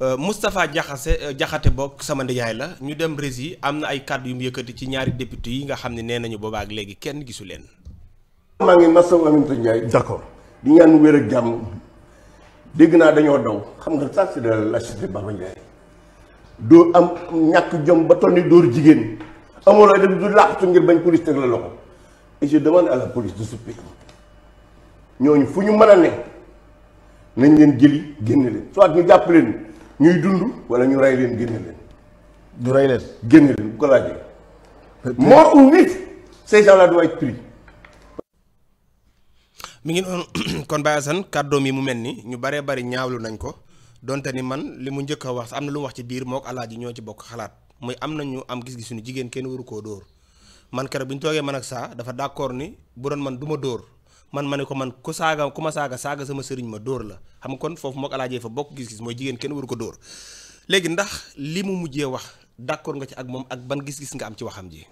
Euh, Moustapha Diakhaté euh, Diakhaté bokk sama ndiyaay la ñu dem rési am na ay kàddu yu mu ci ñaari député yi nga xam ne nee nañu boobaak léegi kenn gisu leen. maa ngi masawu Aminata Ndiaye. d'accord di ñaan wér jàmm dégg naa dañoo daw xam nga ça c'est de la lâcheté Baba am ñàkk jom ba toll dóor jigéen amoo looy def du làqatu ngir bañ police teg la loxo et je demande à la fu ñu mën a ne nañ leen jëli génn leen soit ñu jàpp leen. ñuy dund wala ñu rey leen génne leen. ñu bu ko laajee. mort ou vif ces gens-là doivent être pris. mi ngi noonu kon Baye kàddoom yi mu mel ni ñu baree bari ñaawlu nañ ko donte ni man li mu njëkk a wax am na lu mu wax ci biir mook ji ñoo ci bokk xalaat muy am na ñu am gis-gis suñu jigéen kenn waru koo dóor man keroog bi ñu toogee man ak saa dafa d'accord ni bu doon man du ma dóor man ma ne ko man ku saaga ku ma saaga saaga sama sëriñ ma dóor la xam kon foofu mook alaajee fa bokk gis-gis mooy jigéen kenn waru ko dóor léegi ndax li mu mujjee wax d'accord nga ci ak moom ak ban gis-gis nga am ci waxam ji.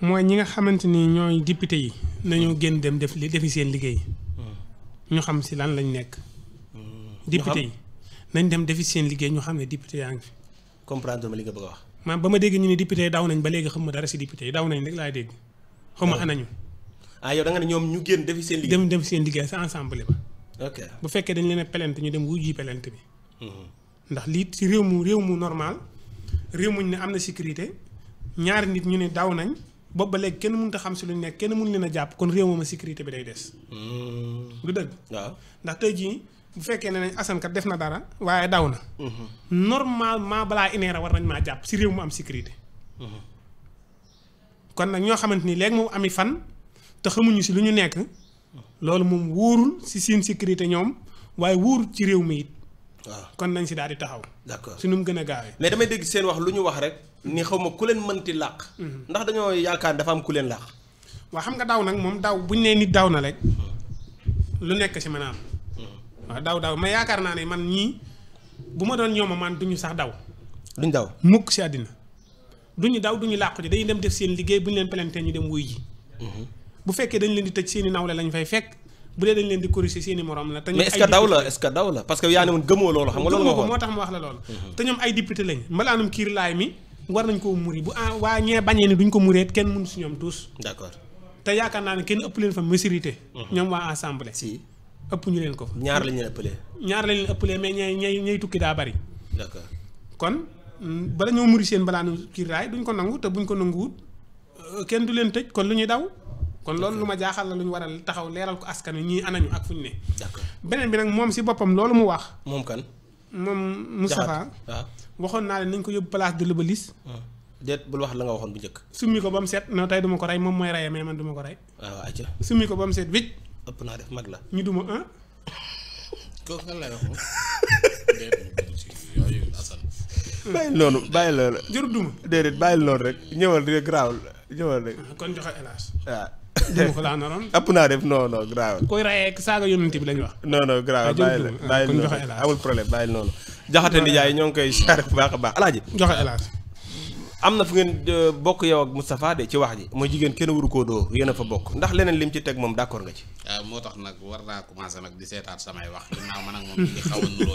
mooy ñi nga xamante ni ñooy député yi nañoo génn dem def li defi seen liggéey. Hmm. ñu xam si lan lañ nekk. Hmm. député yi nañ dem defi seen liggéey ñu xam ne député yaa ngi fi. ma li nga bëgg wax. maanaam ba ma dégg ñu ne député yi daw nañ ba léegi xam ma dara si député yi daw nañ rek laay dégg xaw ma ah. anañu ah yow da nga ne ñoom ñu génn defi seen liggéey dem def seen liggéey sa ensemble ba ok bu fekkee dañ leen a pelente ñu dem wuji pelente bi mm-hmm. ndax lii si réew mu réew mu normal réew muñ ne am na sécurité ñaari nit ñu ne daw nañ boobu ba léegi kenn mënut a xam si lu nekk kenn mënu leen a jàpp kon réew moom a sécurité bi day des mm. du dëgg waaw ndax tey jii bu fekkee ne nañ Assane kat def na dara waaye daw na. Mhm. normalement balaa ineera war nañ maa jàpp si réew mu am sécurité. Mhm. kon nag ñoo xamante ni léegi moom ami fan te xamuñu si lu ñu nekk loolu moom wóorul si seen sécurité ñoom waaye wóorul ci réew mi it. waaw ah. kon nañ si daal di taxaw. d'accord si nu mu gën a gaawee. mais damay dégg seen wax lu ñu wax rek ni xaw ku leen mënti làq. Mhm. ndax dañoo yaakaar dafa am ku leen làq. waa xam nga daw nag moom daw buñ nee nit daw na rek lu nekk si mën a am waaw ah, daw daw mais yaakaar naa ne man ñii bu ma doon ñooma man duñu sax daw. duñ daw mukk si àddina duñu daw duñu làqu ji dañuy dem def seen liggéey bu ñu leen pelantee ñu dem wuy ji. Mhm. bu fekkee dañ leen di tëj seen nawle lañ fay fekk bu dee dañ leen di corriger seen i morom la. te ñoom ay mais est-ce que daw la est-ce que daw la parce ne woon ko moo tax ma wax mhm. mbalaanum kiir laay mi war nañ koo muri bu ah waa ñee bañee ni duñ ko mureet kenn mënu si ñoom tous. d'accord te yaakaar naa ne kenn ëpp leen fa maturité. Mhm. ñoom waa ëpp ñu leen ko fa. ñaar lañ leen ëppalee. ñaar lañ leen ëppalee mais ñay ñay ñay tukki daa bari. d'accord kon mm, ba ñoo muri seen balaanu kii raay duñ ko nangu te buñ ko nanguwut euh, kenn du leen tëj kon lu ñuy daw. kon loolu lu ma jaaxal la lu ñu waral taxaw leeral ko askan wi ñii anañu ak fu ñu ne. d'accord beneen bi nag moom si boppam loolu mu wax. moom kan. moom Moustapha. Ah. waxoon naa leen nañ ko yóbbu place de l'Obélisque. Ah. déet bul wax la nga waxoon bu njëkk. summi ko ba mu set non tey duma ko rey moom mooy reyee mais man duma ko rey. Ah, summi ko ba mu set wicc ëpp naa def mag la. ñu duma ah. kooku kan lay wax moom. bàyyi noonu loolu. rek ñëwal rek graawul ñëwal rek. Ah, kon joxe hélas. waaw. Ah. duma ko laa naroon. ëpp naa def non non koy rayee ak saaga yónnante bi lañu wax. non non graawul ah, noonu amul problème bàyyi noonu. jaxate nijaay ñoo ngi koy siyaare baax a baax am na fu ngeen bokk yow ak Moustapha de ci wax ji mooy jigéen kenn waru koo dóor yéen a fa bokk ndax leneen lim ci teg moom d'accord nga ci waaw ah, moo tax nag war naa commencé nag di seetaat samay wax ginnaaw man ak moom ñu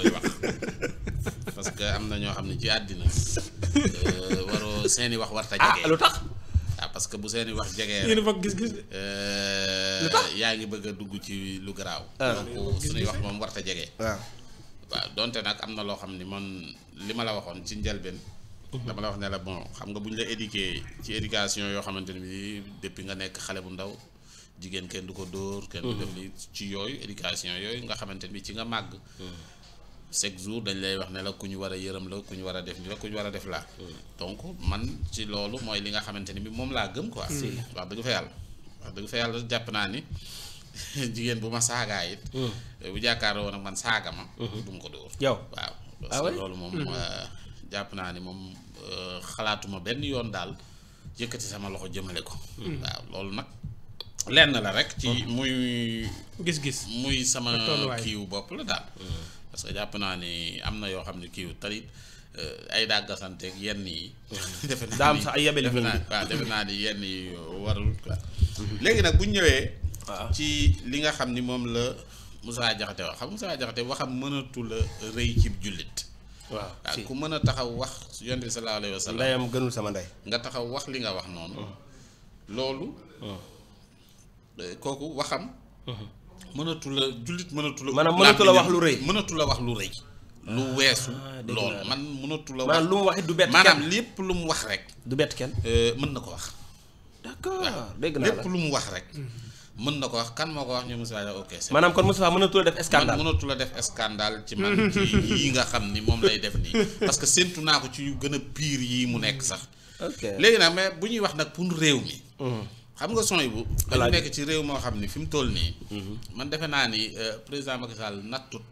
que am na ñoo xam ne ci àddina euh, waroo seeni wax warta jege ah, lu tax waaw ah, parce que bu seeni wax jegee yéen gis-gis euh, yaa ngi bëgg a dugg ci lu garaaw donc suñuy wax moom warta jege waaw donte nag am na loo xam ni man li ma la waxoon ci njëlbeen dama la wax ne la xam nga bu ñu la éduqué ci éducation yoo xamante ne bi depuis nga nekk xale bu ndaw jigéen kenn du ko dóor kenn du mm. def li ci yooyu éducation yooyu nga xamante ne bi ci nga màgg mm. chaque jour dañ lay wax ne la ku ñu war a yërëm la ku ñu war a def ni la ku ñu war a def laa mm. donc man ci loolu mooy li nga xamante ni bi moom laa gëm quoi wax dëgg fa yàlla wax dëgg fa yàlla jàpp naa ni jigéen bu ma saagaa it bu jàkkaaroo woon ak man saaga ma mm-hmm. du ko dóor yow ah jàpp naa ni moom euh, xalaatuma benn yoon daal yëkkati sama loxo jëmale ko. Hmm. waaw loolu nag lenn la rek. ci hmm. muy. gis-gis muy sama. kiiw bopp la daal. Hmm. parce que jàpp naa ni am na yoo xam ne kiiw tarit euh, ay dàggasanteeg yenn yi. defe naa am sax ay yabel defe naa waaw naa ni yenn yi warul quoi. léegi nag bu ñëwee. Ah. ci li nga xam ni moom la Moussa Diakhaté wax xam Moussa Diakhaté waxam mënatul a rëy ci jullit. waaw ku mën a taxaw wax su yonent bi sallallahu alayhi wa sallam ndeyam gënul sama ndey nga taxaw wax li nga wax noonu mm. loolu mm. Eh, kooku waxam mm-hmm. mënatu la jullit mënatu la maanaam mënatu la wax lu rëy mënatu wax lu rëy lu ah, weesu loolu man mënatu la wax lu du bett kenn maanaam lu mu wax rek du bett kenn eh, mën na ko wax d'accord dégg naa la lépp lu mu wax rek mm-hmm. mën na ko wax kan moo ko wax ñu Moustapha ok. maanaam kon Moustapha mënatu la def scandale mënatu la def scandale ci man ci yii nga xam ni moom lay def nii parce que séntu naa ko ci yu gën a piir yii mu nekk sax. léegi nag mais bu ñuy wax nag pour réew mi. xam nga son yi bu. dañu nekk ci réew moo xam ni fi mu toll nii. man defe naa ni euh, président Macky Sall nattut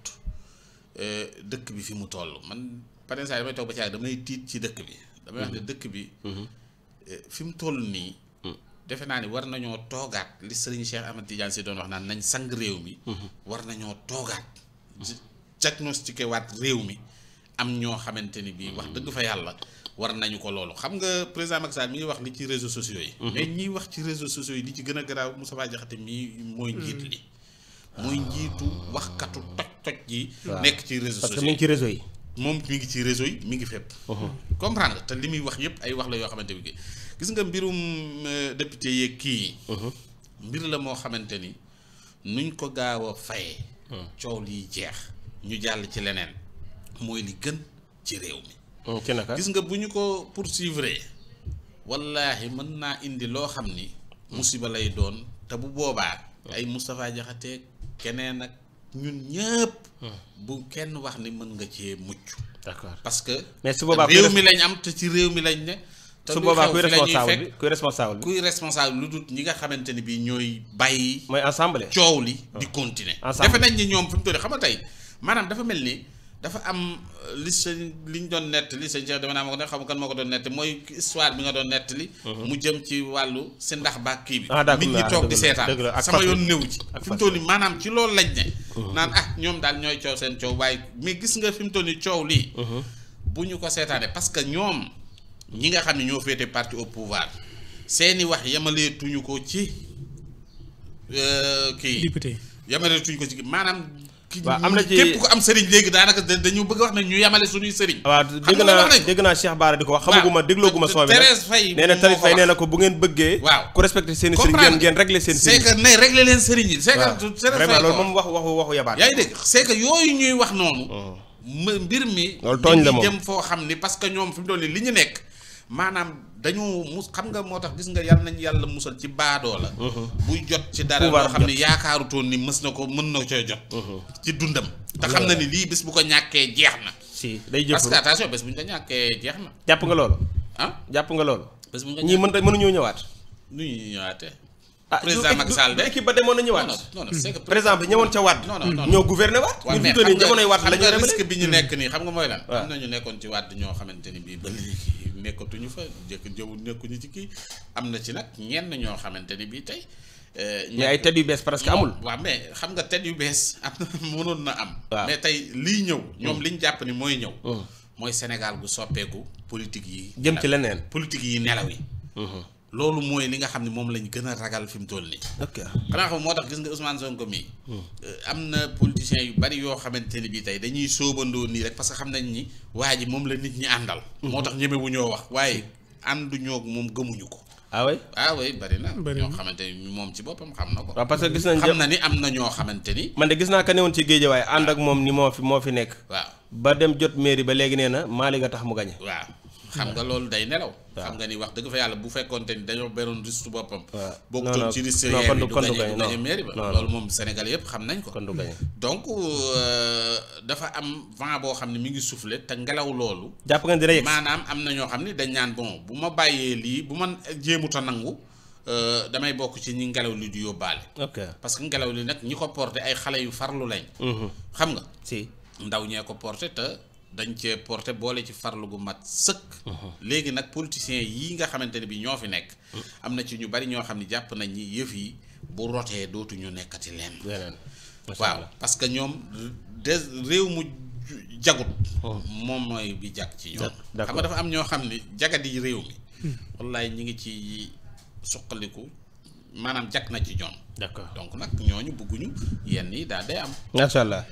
euh, dëkk bi fi mu toll man par exemple damay toog ba ci damay tiit ci dëkk bi. damay wax ne dëkk bi. Euh, fi mu toll nii. defe naa ni war nañoo toogaat li sëriñ Cheikh Ahmed Tidiane si doon wax naa nañ sang réew mi. Mhm. war nañoo toogaat. diagnostiqué waat réew mi am ñoo xamante ni bii wax dëgg fa yàlla war nañu ko loolu xam nga président Macky Sall mi ngi wax li ci réseaux sociaux yi. Mhm. mais ñiy wax ci réseaux sociaux yi ci gën a garaaw Moustapha Diakhaté mii mooy mhm. njiit li. mooy njiitu waxkatu toj toj yi. nekk ci réseaux sociaux parce que mi ngi ci réseau yi. moom mi ngi ci réseaux yi mi ngi fépp. comprendre nga te li muy wax yëpp ay wax la yoo xamante bi gis nga mbirum euh, député yee kii uh-huh. mbir la moo xamante ni nuñ ko gaaw a fayee uh-huh. coow liy jeex ñu jàll ci leneen mooy li gën ci réew mi oh, gis nga bu ñu ko poursuivre wallaahi mën naa indi loo xam ni uh-huh. musiba lay doon te bu boobaa ay Moustapha Diakhaté keneen ak ñun ñëpp bu kenn wax ni mën nga cee mucc d'accord parce que réew mi lañ am te ci réew mi lañ ne su boobaa kuy responsable bi kuy responsable bi lu dul ñi nga xamante ni bii ñooy bàyyi. mooy assemblée coow li ah. di continuer. defe nañ ni ñoom fi mu toll xam nga tey maanaam dafa mel ni dafa am euh, li sëñ li ñu doon nett li sëñ Cheikh dama naa xam kan moo ko doon nett mooy histoire bi nga doon nett li mhm. mu jëm ci wàllu si ndax bàkk kii bi. Ah, nit ñi toog di seetaan sama yoon néew ci. fi mu toll nii maanaam loolu lañ ne. Mhm. naan ah ñoom daal ñooy coow seen coow waaye mais gis nga fi mu toll nii coow lii. Mhm. bu ñu ko seetaanee parce que ñoom ñi nga xam ne ñoo féete parti au pouvoir seeni wax yamaleetuñu ko ci euh, kii. député yamaleetuñu ko ci maanaam. waaw am na ci képp ku am sëriñ léegi daanaka dañu bëgg wax na ñu yamale suñuy sëriñ. waaw dégg naa dégg naa Cheikh ko wax. xamaguma déglooguma soo bi Thérèse nee na Thérèse nee na ko bu ngeen bëggee. waaw ku respecté seen sëriñ ngeen ngeen seen sëriñ. c'est que ne réglé leen sëriñ yi. c'est que Thérèse Faye loolu moom wax waxu waxu yabaat. yaa ngi dégg yooyu ñuy wax noonu. Oh. mbir mi. loolu tooñ la moom jëm foo xam ni parce que ñoom fi mu doon li ñu nekk maanaam dañu mus xam nga moo tax gis nga yàlla nañu yàlla musal ci baadoo la uh-huh. buy jot ci dara loo xam ne yaakaarutoon ni mës na ko mën na coo jot uh-huh. ci dundam te xam na ni lii bis bu ko ñàkkee jeex na si day jëf parce que attention bés bu ñu ko ñàkkee jeex na jàpp nga loolu ah jàpp nga loolu bés ñii mën mënuñoo ñëwaat nu ñuy ñëwaatee Ah, président Macky Sall de équipe ba demoon na ñëwaat. non non exemple ñëwoon ca Wade. ñoo gouverner Wade. waaw mais xam ñu mm. nekk nii xam nga mooy lan. am na ñu nekkoon ci Wade ñoo xamante bii ba léegi nekkatuñu fa jëkk jëwul nekkuñu ci kii am na ci nag ñenn ñoo xamante ni bii tey. ñu eh, ay tedd yu bees parce que amul. waa mais xam nga tedd yu bees am na mënoon na am. mais tey lii ñëw. ñoom mm. liñ jàpp ni mooy ñëw. Mm. mooy Sénégal gu soppeeku politique yi. jëm ci leneen politique yi nelaw yi. Mm-hmm. loolu mooy li nga xam ne moom lañ gën a ragal fi mu toll nii. ok xanaa xam moo tax gis nga Ousmane Sonko mii. Hmm. Euh, am na politiciens yu bari yoo xamante ni bii tey dañuy sóobandoo nii rek parce que xam nañ ni waa ji moom la nit ñi àndal. Hmm. moo tax ñeme ñoo wax waaye ànduñoo ak moom gëmuñu ko. ah oui ah na. bari na ñoo xamante moom ci boppam xam na ko. parce que gis nañ xam na ni am na ñoo xamante man gis naa ka ne woon ci géej waaye ànd ah. moom ni moo fi moo fi nekk. waaw ba dem jot mairie ba léegi nee na Malick a tax mu gañe waaw xam nga loolu day nelaw. xam nga ni wax dëgg fa yàlla bu fekkoonte ni dañoo beroon risque boppam. waaw bokkutoon ci risque yeer du gañe mairie ba loolu moom Sénégal yëpp xam nañ ko. donc euh, dafa am vent boo xam ne mu ngi soufflé te ngelaw loolu. jàpp nga dina yegg maanaam am na ñoo ne dañ naan bon bu ma bàyyee lii bu ma jéemuta nangu. Euh, damay bokk ci ñi ngelaw li di yóbbaale. ok que ngelaw li nag ñi ko porté ay xale yu farlu lañ. Mm-hmm. xam nga. ndaw ñee ko porté te. dañ cee porté boole ci farlu gu mat sëkk. Uh-huh. léegi nag politiciens yii nga xamante ne bi ñoo fi nekk. Uh-huh. am na ci ñu bari ñoo xam ne jàpp nañ ni yëf yi bu rotee dootuñu nekkati leen. waaw parce que ñoom des réew mu jagut. Uh-huh. moom mooy bi jag ci ñoom. xam nga dafa am ñoo xam ne jagadi réew mi. Hmm. wallaay ñi ngi ci suqaliku. maanaam jàkk na ci ñoom. d'accord donc nag ñooñu bëgguñu yenn yi daal day am. macha allah.